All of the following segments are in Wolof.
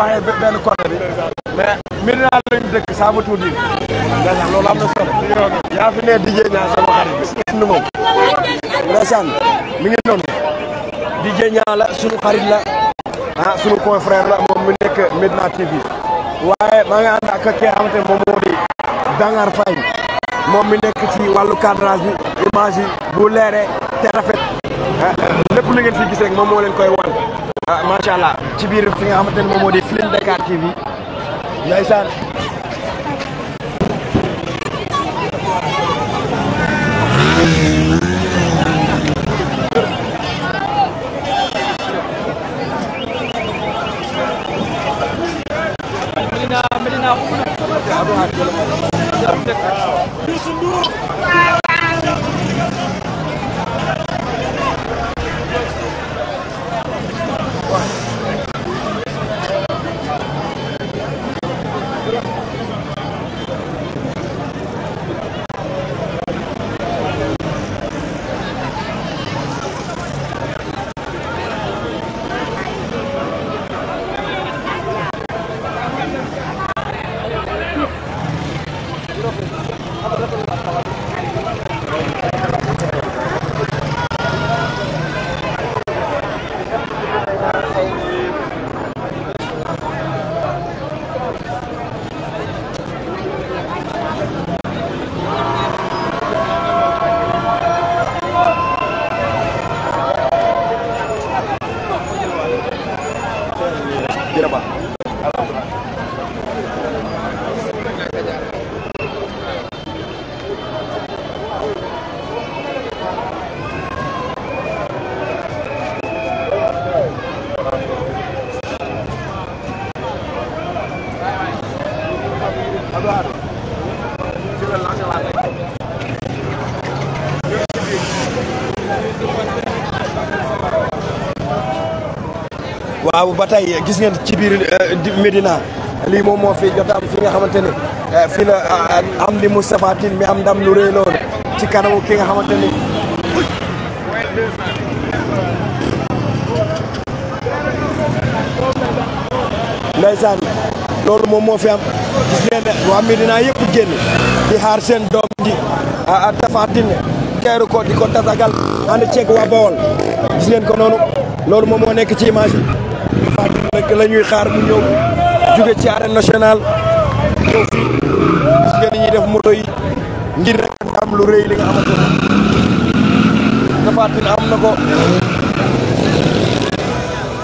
waxee benn côté bi mais Médina lañ dëkk ça veut tout ne DJ Niang xarit gis na moom ndeysaan mi ngi noonu DJ Niang la sunu xarit la ah sunu confrère la moom mi nekk Médina TV waaye maa ngi ànd ak ki nga moom moo di Dangar Faye moom mi nekk ci wàllu cadrage bi image yi bu leeree te ah, lépp li ngeen fi gis moom moo leen koy wan macha allah ci biir fi nga xamante ne Dakar TV ndeysaan Youssou waaw ba tey gis ngeen ci biir euh, Médina lii moom moo fi jot am fi nga xamante ne euh, fi la euh, am di Moustapha Tine am ndam lu rëy loolu ci kanamu ki nga xamante ni ndeysaan loolu moom fi am gis ngeen waa Médina yëpp génn di xaar seen doom ji a Tapha Tine keeru ko di ko tasagal ànd ceeg waa Bawol gis ko noonu loolu moom moo nekk ci image yi xaar mu ñëw jóge ci arène nationale ñëw fii def moto yi ngir rek am lu rëy li nga xamante ne am na ko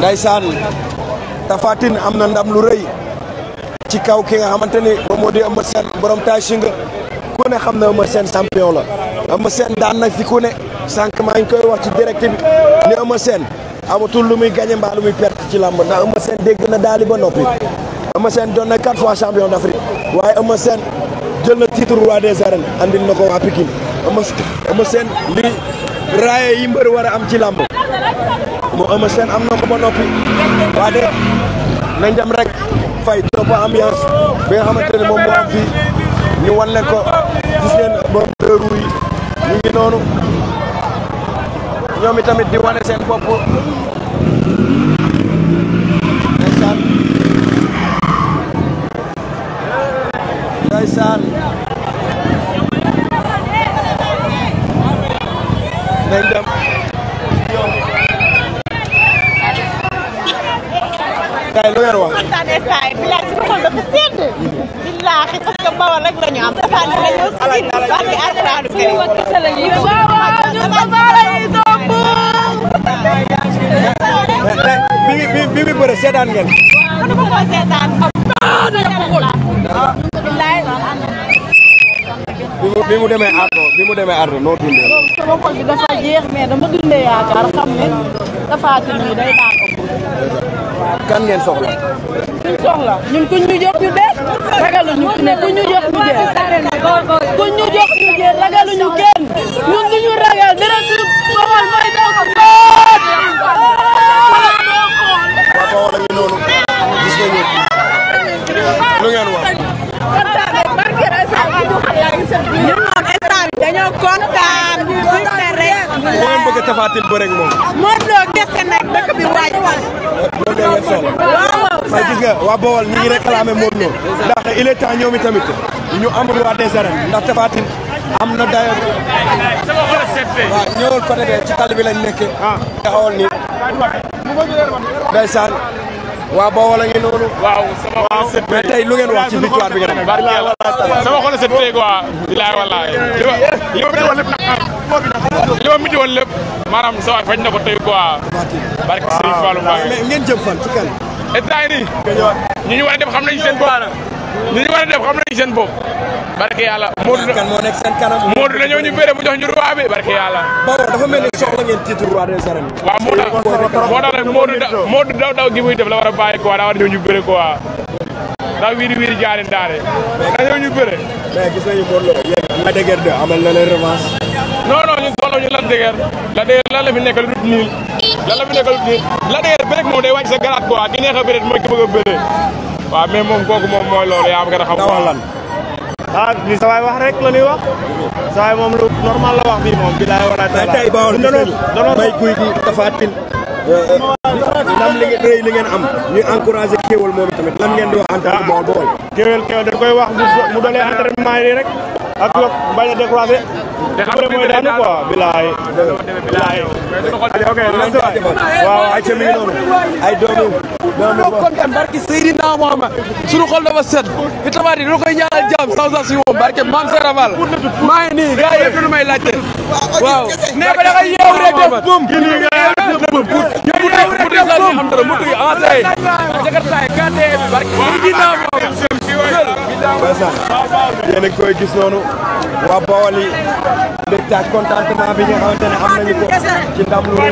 ndaysaan Tapha Tine am na ndam lu rëy ci kaw ki nga xamante ni moom moo di Eumeu Sène borom taay si ku xam na Eumeu seen champion la Eumeu Sène daan na fi ku ne sànq maa ngi koy wax ci direct bi ne Eumeu Sène lu muy gagné mbaa lu muy perte ci làmb ndax Eumeu Sène dégg na daali ba noppi Eumeu Sène doon na quatre fois champion d'Afrique waaye Eumeu Sène jël na titre roi des arènes andil na ko waa Pikine Eumeu Sène li raaye yi mbër war am ci làmb moo Eumeu seen am na ko ba noppi waa de nañ dem rek fay topp ambiance bi nga xamante moom moo am ñu wan leen ko gis ngeen borom deux ngi noonu ñoom itamit di wane seen bopp. barke alxuraanu karim waaw waaw ñun Tapha lañuy topp bi bi bi bi bëre seetaan ngeen ko dama ko seetaan bi mu demee ardo bi mu demee ardo noo dundee sama xol bi dafa jeex mais dama dundee yaakaar xam ne Tapha Tine day daan kan ngeen soxla ñun soxla ñun kuñ ñu jox ñu dee ragalu ñu ne kuñ ñu Tapha Tine bëre moom. Modou Lo gerte dëkk bi waaj wal. loolu da ngeen soxla. waa Bawol ñu ngi réclamé Modou Lo. ndax il est ñu am roi des arènes ndax Tapha am na dayoo. waaw ñëwal ah. taxawal nii. ndeysaan. waa Bawol a ngi noonu. waaw sama na set mais tey lu ngeen wax ci victoire bi ngeen am. sama xol set beeg waa. bilaay walaay. li li ma métti woon lépp nag li ma maanaam sa waay faj na ko tey quoi. barke Serigne Fallou Mbaye. ngeen jëm fan ci kan. état yi nii. ñu ñu war dem xam nañ seen bopp. li ñu war a def xam nañ seen bopp barke yàlla Modou kan moo nekk seen kanam Modou la ñëw ñu béré mu jox ñu roi bi barke yàlla Bawol dafa mel ni soxla ngeen titre roi daw daw gi def la war a bàyyi quoi daa war a ñëw ñu béré quoi ndax wiiri jaari ndaare da ñëw ñu na leen revanche non non ñun soxla la dëgër la dëgër la fi la fi nekk lu dul nii la dëgër bëre moom day wàcc a bëre mooy ki bëgg a bëre waaw mais moom kooku moom mooy loolu yaa am nga xam. dawal lan ah li sa waay wax rek la ñuy wax. sa moom lu normal la wax bi moom. bi laay i dara tey bawal bay guy gi dafa tin ngeen am. ñu encouragé kéwél moom tamit lan ngeen di wax. entraînement ah, bool kéwél kéwél dañ koy wax mu dolee entraînement yi rek. ak yokk bañ a découragé. te xam nga mooy daanu quoi bilaay. bilaay. ok merci waaw ay ca mi ngi noonu ay doomu. doomu boo kontaan barki Seydina Mohamed sunu xol dafa set itamaa di koy ñaanal a sans sans suñu moom barke maam Serap Fall maa a nii gars yi ñu may laajte. waaw nee ba da nga yeewu rek def bum. ndeysaan yéen a ngi koy gis noonu waa Bawol yi mbégte ak contentement bi nga xamante ne am nañu ko ci ndam lu rëy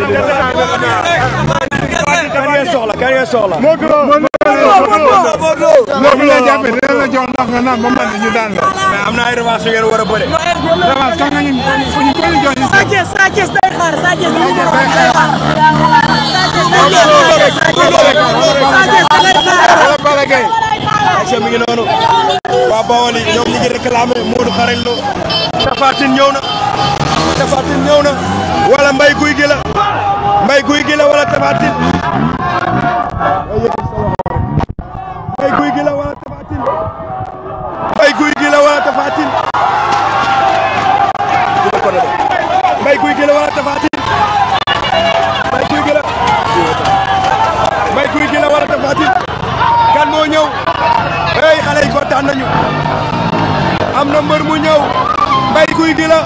kan ngeen soxla kan ngeen soxla loolu la jàppe dina la jox ndox nga naan ba man ñu daan la mais am na ay revanche yu ngeen war a bëre revanche kan nga ñu ñu ko jox ci Sa Thiès Sa Thiès day xaar Sa Thiès day xaar Sa Thiès day xaar ayca mi ngi noonu waa Bawol yi ñoom ñi ngi réclamé Modou Xarañ Lo Tapha na Tapha Tine na wala Mbaye Gouye Gui la Mbaye Gouye wala Tapha mu ñëw mbay guy gi la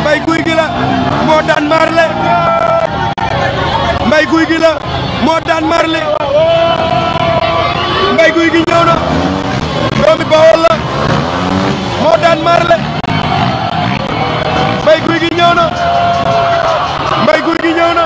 mbay guy gi la moo daan mbay guy gi la moo daan marle Bawol na mbay guy gi ñëw na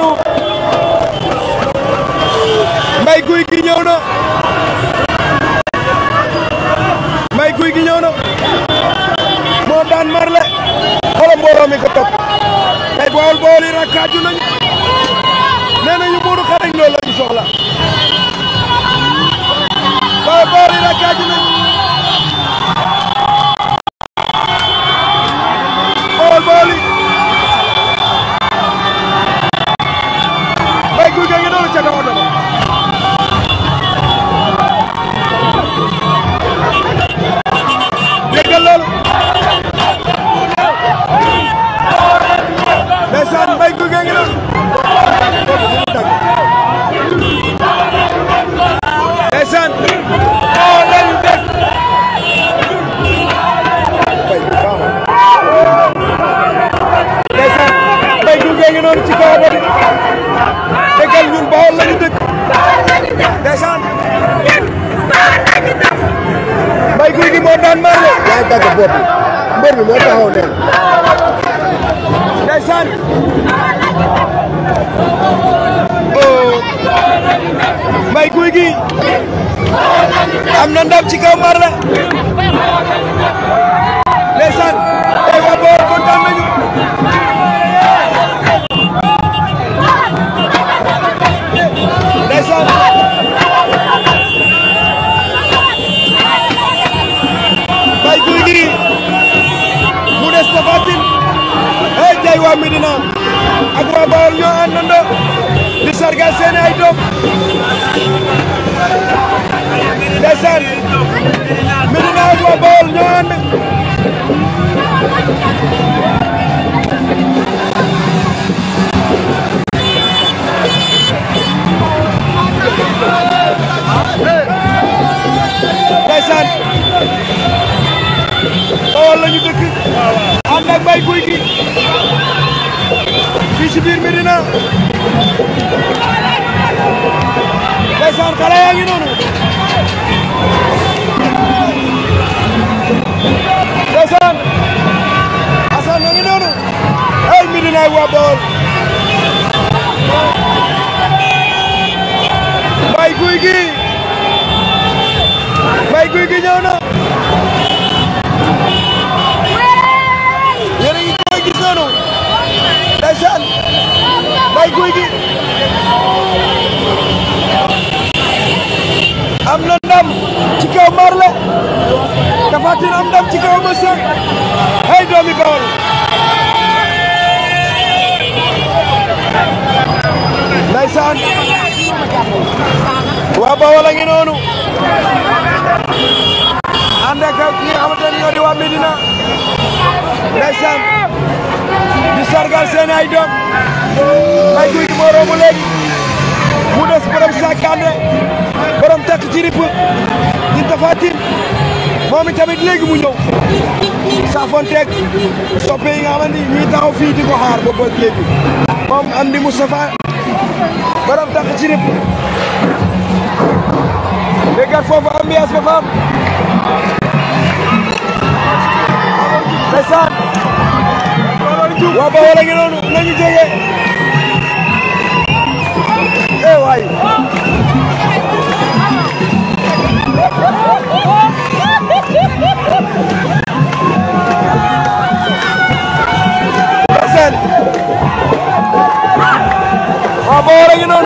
noonu mbay guy gi ñëw na mbay guy gi ñëw na moo daan marle xoolal mbooloo mi ko topp tey bool bool yi rakkaaju nañu ndeysaan oh. mbay guy gi am na ndam ci kaw mar la waa Médina ak waa Bawol ñoo àndandoo di sargal ay doom ndeysaan Médina ak waa Bawol ñoo ànd waay waa Bawol Mbaye Gouye Gui Mbaye Gouye Gui ñëw na yéen a ngi koy gis noonu ndeysaan Mbaye am na ndam ci kaw Marley Tapha am ndam ci kaw Eumeu Sène doomi Bawol ndeysaan waa Bawol a ngi noonu ànd ak ñi nga xamante ne ñoo di waa Medina ndeysaan di sargal seen ay doom ay guy moo romb léegi mu des borom Sakandé borom takk ci ripp di tafatin moom itamit léegi mu ñëw saafonteeg soppe yi nga xamante ni ñuy taxaw fii di ko xaar ba bët moom am di Moustapha borom tax cirib déggat foofu ambiance ba faam ndeysaan waa ba wala ngi noonu nañu jóge eh waay ndeysaan boor a ngi noonu